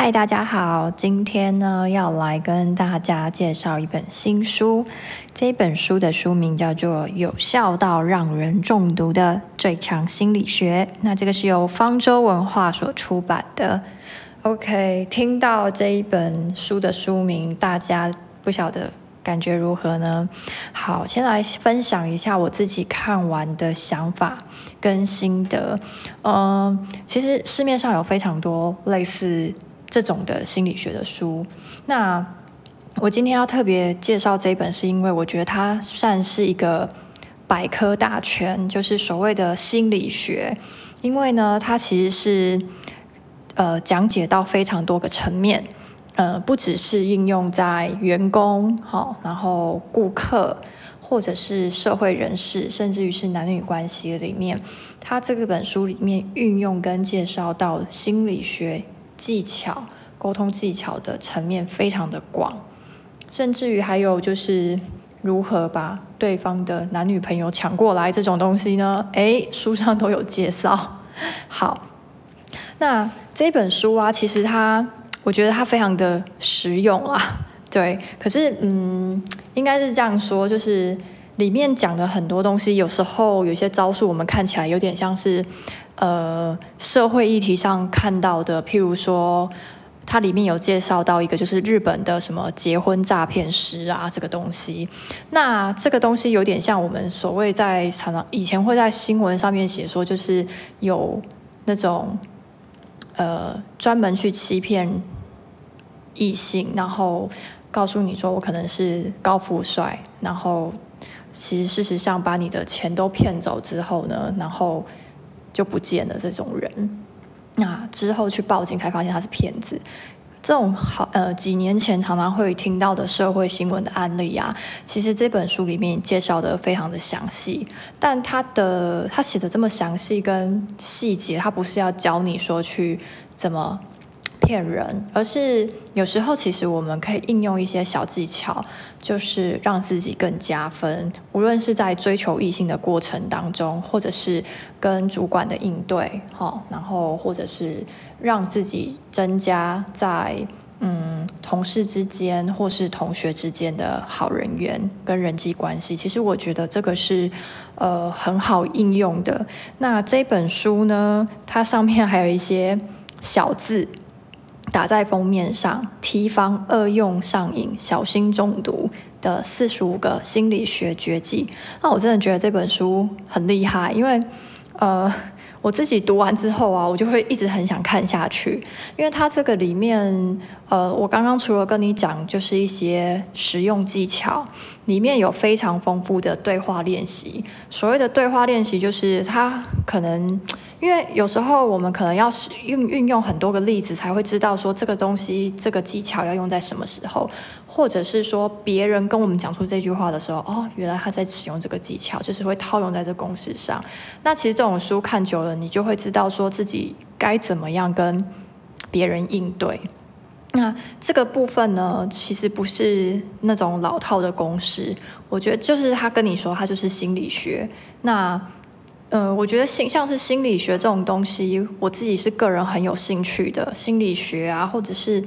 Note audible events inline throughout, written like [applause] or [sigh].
嗨，Hi, 大家好，今天呢要來跟大家介紹一本新書。這本書的書名叫做《有效到讓人中毒的最強心理學》，那這個是由方舟文化所出版的。OK，聽到這一本書的書名，大家不曉得感覺如何呢？好，先來分享一下我自己看完的想法跟心得。嗯，其實市面上有非常多類似這種的心理學的書，那我今天要特別介紹這一本，是因為我覺得它，算是一個百科大全，就是所謂的心理學，因為呢，它其實是呃講解到非常多個層面，呃，不只是應用在員工，喔、然後顧客或者是社會人士，甚至於是男女關係裡面，它這個本書裡面運用跟介紹到心理學技巧、溝通技巧的層面非常的廣，甚至於還有就是如何把對方的男女朋友搶過來這種東西呢，誒，書上都有介紹。好，那這本書啊，其實它我覺得它非常的實用啊。對，可是嗯，應該是這樣說，就是。裡面講的很多東西，有時候有些招數，我們看起來有點像是，呃，社會議題上看到的。譬如說，它裡面有介紹到一個，就是日本的什麼結婚詐騙師啊，這個東西。那這個東西有點像我們所謂在常常以前會在新聞上面寫說，就是有那種，呃，專門去欺騙異性，然後告訴你說我可能是高富帥，然後。其實，事實上，把你的錢都騙走之後呢，然後就不見了。這種人，那、啊、之後去報警才發現他是騙子，這種好呃，幾年前常常會聽到的社會新聞的案例啊，其實這本書裡面介紹得非常的詳細。但他的他寫的這麼詳細跟細節，他不是要教你說去怎麼。騙人，而是有時候其實我們可以應用一些小技巧，就是讓自己更加分。無論是在追求異性的過程當中，或者是跟主管的應對，哈、哦，然後或者是讓自己增加在嗯同事之間或是同學之間的好人緣跟人際關係。其實我覺得這個是呃很好應用的。那這本書呢，它上面還有一些小字。打在封面上，提防惡用上癮，小心中毒的四十五個心理學絕技。那我真的覺得這本書很厲害，因為呃，我自己讀完之後啊，我就會一直很想看下去。因為它這個裡面，呃，我剛剛除了跟你講，就是一些實用技巧，裡面有非常豐富的對話練習。所謂的對話練習，就是它可能。因為有時候我們可能要使運運用很多個例子，才會知道說這個東西、這個技巧要用在什麼時候，或者是說別人跟我們講出這句話的時候，哦，原來他在使用這個技巧，就是會套用在這個公式上。那其實這種書看久了，你就會知道說自己該怎麼樣跟別人應對。那這個部分呢，其實不是那種老套的公式，我覺得就是他跟你說，他就是心理學那。呃、嗯，我覺得像是心理學這種東西，我自己是個人很有興趣的，心理學啊，或者是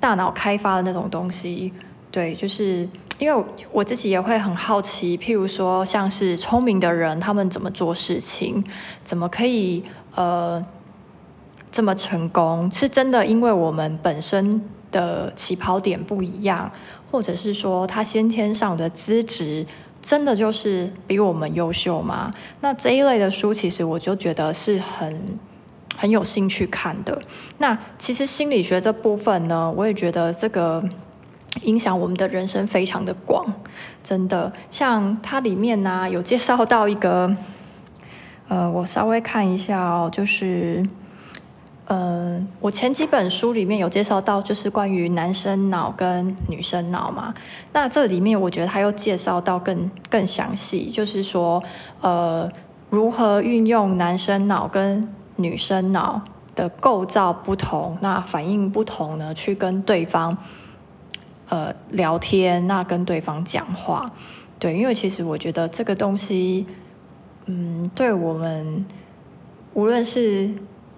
大腦開發的那種東西。對，就是因為我自己也會很好奇，譬如說，像是聰明的人他們怎麼做事情，怎麼可以呃這麼成功，是真的，因為我們本身的起跑點不一樣，或者是說他先天上的資質。真的就是比我們優秀嗎？那這一類的書，其實我就覺得是很很有興趣看的。那其實心理學這部分呢，我也覺得這個影響我們的人生非常的廣。真的，像它裡面呢啊，有介紹到一個，呃，我稍微看一下哦，就是。嗯、呃，我前幾本書裡面有介紹到，就是關於男生腦跟女生腦嘛。那這裡面我覺得他又介紹到更更詳細，就是說，呃，如何運用男生腦跟女生腦的構造不同，那反應不同呢，去跟對方，呃，聊天，那跟對方講話。對，因為其實我覺得這個東西，嗯，對我們無論是。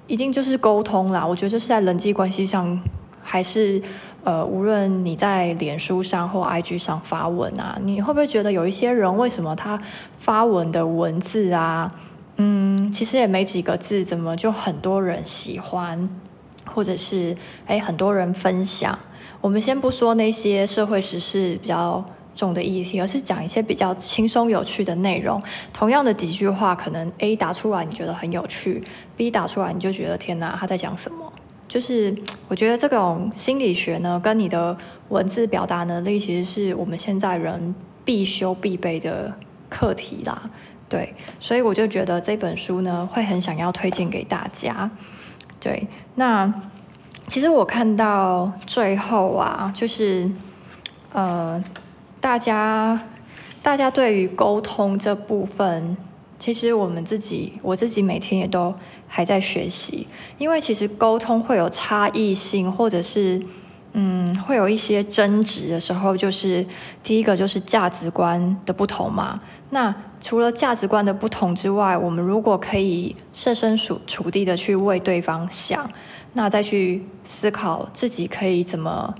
一定就是溝通啦，我覺得就是在人際關係上，還是呃，無論你在臉書上或 IG 上發文啊，你會不會覺得有一些人為什麼他發文的文字啊，嗯，其實也沒幾個字，怎麼就很多人喜歡，或者是誒很多人分享？我們先不說那些社會時事比較。重的議題，而是講一些比較輕鬆有趣的內容。同樣的幾句話，可能 A 打出來你覺得很有趣，B 打出來你就覺得天哪，他在講什麼。就是我覺得這種心理學呢，跟你的文字表達能力，其實是我們現在人必修必備的課題啦。對，所以我就覺得這本書呢，會很想要推薦給大家。對，那其實我看到最後啊，就是呃。大家，大家對於溝通這部分，其實我們自己，我自己每天也都還在學習，因為其實溝通會有差異性，或者是，嗯，會有一些爭執的時候，就是第一個就是價值觀的不同嘛。那除了價值觀的不同之外，我們如果可以設身處地的去為對方想，那再去思考自己可以怎麼。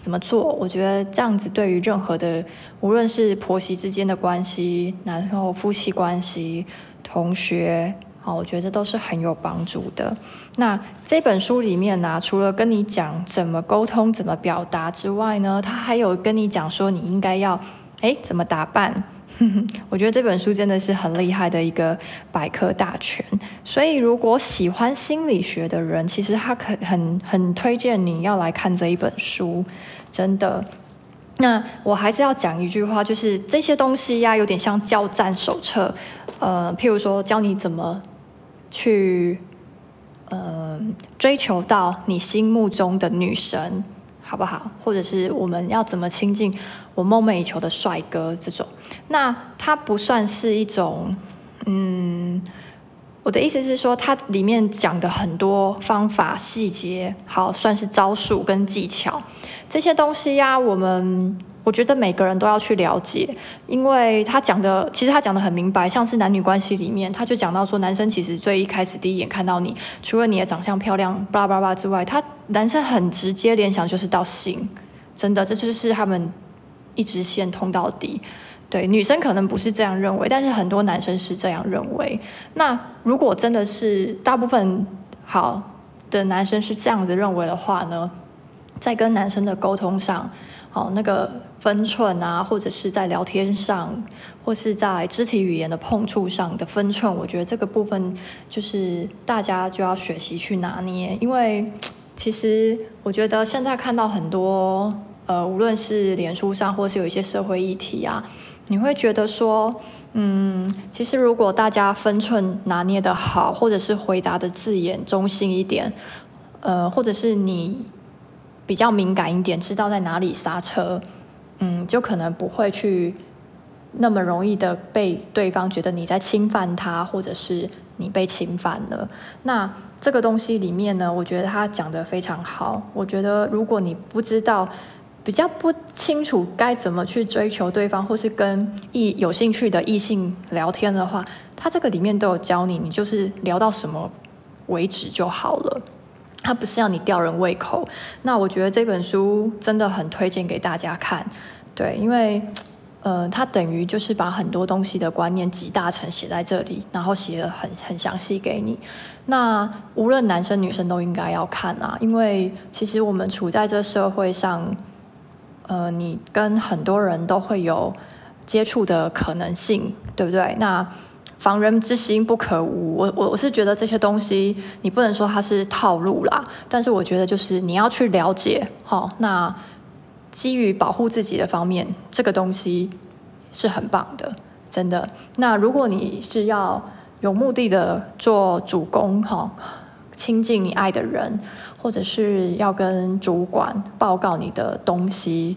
怎麼做？我覺得這樣子對於任何的，無論是婆媳之間的關係，然後夫妻關係、同學，我覺得這都是很有幫助的。那這本書裡面呢，啊，除了跟你講怎麼溝通、怎麼表達之外呢，它還有跟你講說你應該要，誒，怎麼打扮？ [laughs] 我覺得這本書真的是很厲害的一個百科大全，所以如果喜歡心理學的人，其實他可很很推薦你要來看這一本書，真的。那我還是要講一句話，就是這些東西呀，有點像教戰手冊，呃，譬如說教你怎麼去呃追求到你心目中的女神。好不好？或者是我們要怎麼親近我夢寐以求的帥哥？這種，那它不算是一種，嗯，我的意思是說，它裡面講的很多方法、細節，好算是招數跟技巧這些東西呀、啊，我們。我覺得每個人都要去了解，因為他講的其實他講得很明白，像是男女關係裡面，他就講到說，男生其實最一開始第一眼看到你，除了你的長相漂亮，巴拉巴拉之外，他男生很直接聯想就是到性，真的，這就是他們一直線通到底。對，女生可能不是這樣認為，但是很多男生是這樣認為。那如果真的是大部分好的男生是這樣子認為的話呢，在跟男生的溝通上。好、哦，那個分寸啊，或者是在聊天上，或是在肢體語言的碰觸上的分寸，我覺得這個部分就是大家就要學習去拿捏。因為其實我覺得現在看到很多呃，無論是臉書上，或是有一些社會議題啊，你會覺得說，嗯，其實如果大家分寸拿捏得好，或者是回答的字眼中性一點，呃，或者是你。比較敏感一點，知道在哪裡剎車，嗯，就可能不會去那麼容易的被對方覺得你在侵犯他，或者是你被侵犯了。那這個東西裡面呢，我覺得他講得非常好。我覺得如果你不知道，比較不清楚該怎麼去追求對方，或是跟異有興趣的異性聊天的話，他這個裡面都有教你，你就是聊到什麼為止就好了。它不是讓你吊人胃口，那我覺得這本書真的很推薦給大家看，對，因為，呃，它等於就是把很多東西的觀念集大成寫在這裡，然後寫得很很詳細給你。那無論男生女生都應該要看啊，因為其實我們處在這社會上，呃，你跟很多人都會有接觸的可能性，對不對？那防人之心不可無，我我我是覺得這些東西，你不能說它是套路啦，但是我覺得就是你要去了解，哈、哦，那基於保護自己的方面，這個東西是很棒的，真的。那如果你是要有目的的做主攻，哈、哦，親近你愛的人，或者是要跟主管報告你的東西。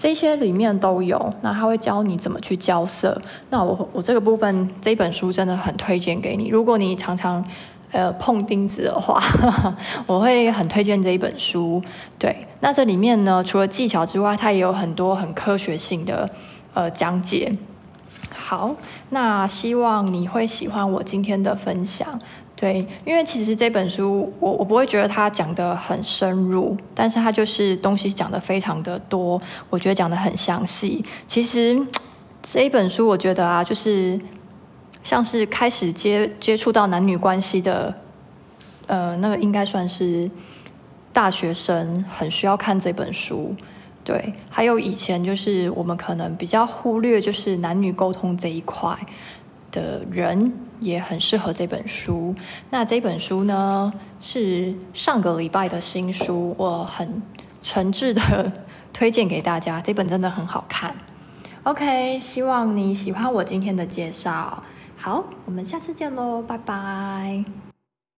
這些裡面都有，那他會教你怎麼去交涉。那我我這個部分，這本書真的很推薦給你。如果你常常呃碰釘子的話，呵呵，我會很推薦這一本書。對，那這裡面呢，除了技巧之外，它也有很多很科學性的呃講解。好，那希望你會喜歡我今天的分享。對，因為其實這本書，我我不會覺得它講得很深入，但是它就是東西講得非常的多，我覺得講得很詳細。其實這一本書，我覺得啊，就是像是開始接接觸到男女關係的，呃，那個應該算是大學生很需要看這本書。對，還有以前就是我們可能比較忽略就是男女溝通這一塊。的人也很適合這本書。那這本書呢，是上個禮拜的新書，我很誠摯的推薦給大家。這本真的很好看。OK，希望你喜歡我今天的介紹。好，我們下次見嘍，拜拜。